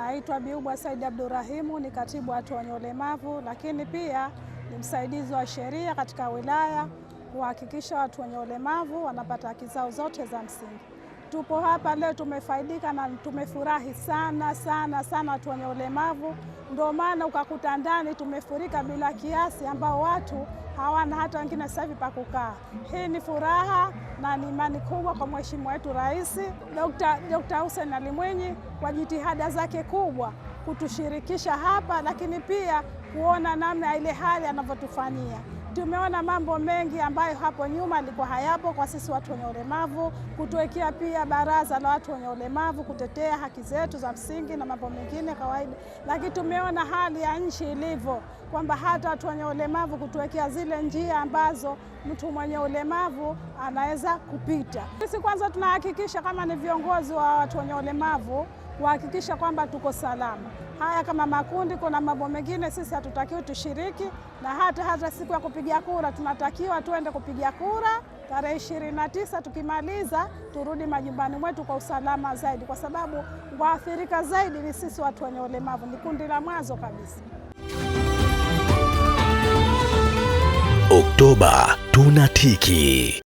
Naitwa Biubwa Saidi Abdurahimu, ni katibu watu wenye ulemavu, lakini pia ni msaidizi wa sheria katika wilaya kuhakikisha watu wenye ulemavu wanapata haki zao zote za msingi tupo hapa leo, tumefaidika na tumefurahi sana sana sana, watu wenye ulemavu. Ndio maana ukakuta ndani tumefurika bila kiasi, ambao watu hawana hata wengine sasa hivi pa kukaa. Hii ni furaha na ni imani kubwa kwa mheshimiwa wetu Rais Dkt. Hussein Ali Mwinyi kwa jitihada zake kubwa kutushirikisha hapa, lakini pia kuona namna ile hali anavyotufanyia. Tumeona mambo mengi ambayo hapo nyuma alikuwa hayapo kwa sisi watu wenye ulemavu, kutuwekea pia baraza la watu wenye ulemavu kutetea haki zetu za msingi na mambo mengine kawaida, lakini tumeona hali ya nchi ilivyo, kwamba hata watu wenye ulemavu kutuwekea zile njia ambazo mtu mwenye ulemavu anaweza kupita. Sisi kwanza tunahakikisha kama ni viongozi wa watu wenye ulemavu kuhakikisha kwamba tuko salama. Haya, kama makundi, kuna mambo mengine sisi hatutakiwi tushiriki, na hata hata siku ya kupiga kura tunatakiwa tuende kupiga kura tarehe ishirini na tisa. Tukimaliza turudi majumbani mwetu kwa usalama zaidi, kwa sababu waathirika zaidi ni sisi watu wenye ulemavu, ni kundi la mwanzo kabisa. Oktoba tunatiki.